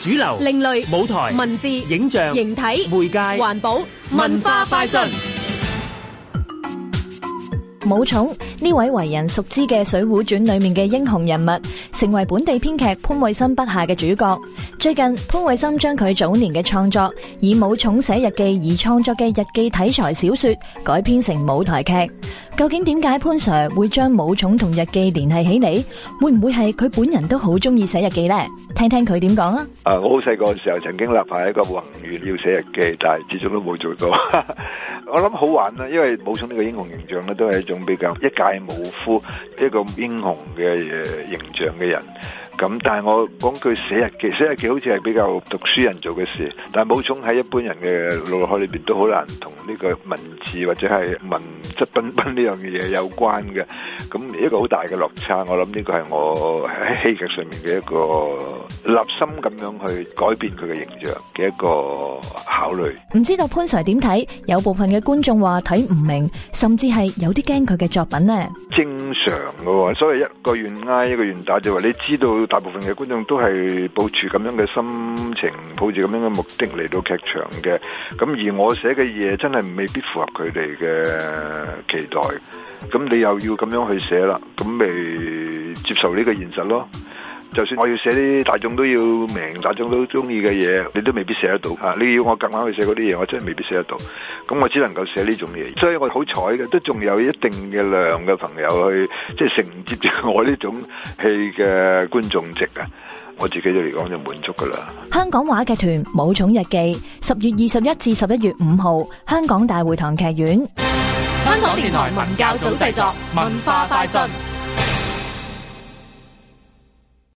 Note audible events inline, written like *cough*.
主流、另類舞台、文字、影像、形體、媒介、環保、文化快訊。武松呢位為人熟知嘅《水滸傳》裏面嘅英雄人物，成為本地編劇潘惠森筆下嘅主角。最近潘惠森將佢早年嘅創作，以武松寫日記而創作嘅日記題材小說改編成舞台劇。究竟點解潘 Sir 會將武松同日記聯繫起，你會唔會係佢本人都好中意寫日記咧？聽聽佢點講啊！誒，我好細個嘅時候曾經立下一個宏願要寫日記，但係始終都冇做到。 *laughs* 我諗好玩啦，因為武松呢個英雄形象咧，都係一種比較一介武夫一個英雄嘅形象嘅人。咁但係我講句寫日記，寫日記好似係比較讀書人做嘅事，但係武松喺一般人嘅腦海裏邊都好難同呢個文字或者係文質彬彬呢樣嘢有關嘅，咁一個好大嘅落差。我諗呢個係我喺戲劇上面嘅一個立心咁樣去改變佢嘅形象嘅一個考慮。唔知道潘 Sir 點睇？有部分嘅觀眾話睇唔明，甚至係有啲驚佢嘅作品咧。正常嘅喎，所以一個願挨，一個願打，就話你知道。大部分嘅觀眾都係抱住咁樣嘅心情，抱住咁樣嘅目的嚟到劇場嘅。咁而我寫嘅嘢真係未必符合佢哋嘅期待。咁你又要咁樣去寫啦，咁咪接受呢個現實咯。就算我要寫啲大眾都要明、大眾都中意嘅嘢，你都未必寫得到。吓，你要我夾硬去寫嗰啲嘢，我真係未必寫得到。咁我只能夠寫呢種嘢，所以我好彩嘅，都仲有一定嘅量嘅朋友去，即係承接住我呢種戲嘅觀眾席啊！我自己就嚟講就滿足噶啦。香港話劇團《武松日記》，十月二十一至十一月五號，香港大會堂劇院。香港電台文教組製作，文化快訊。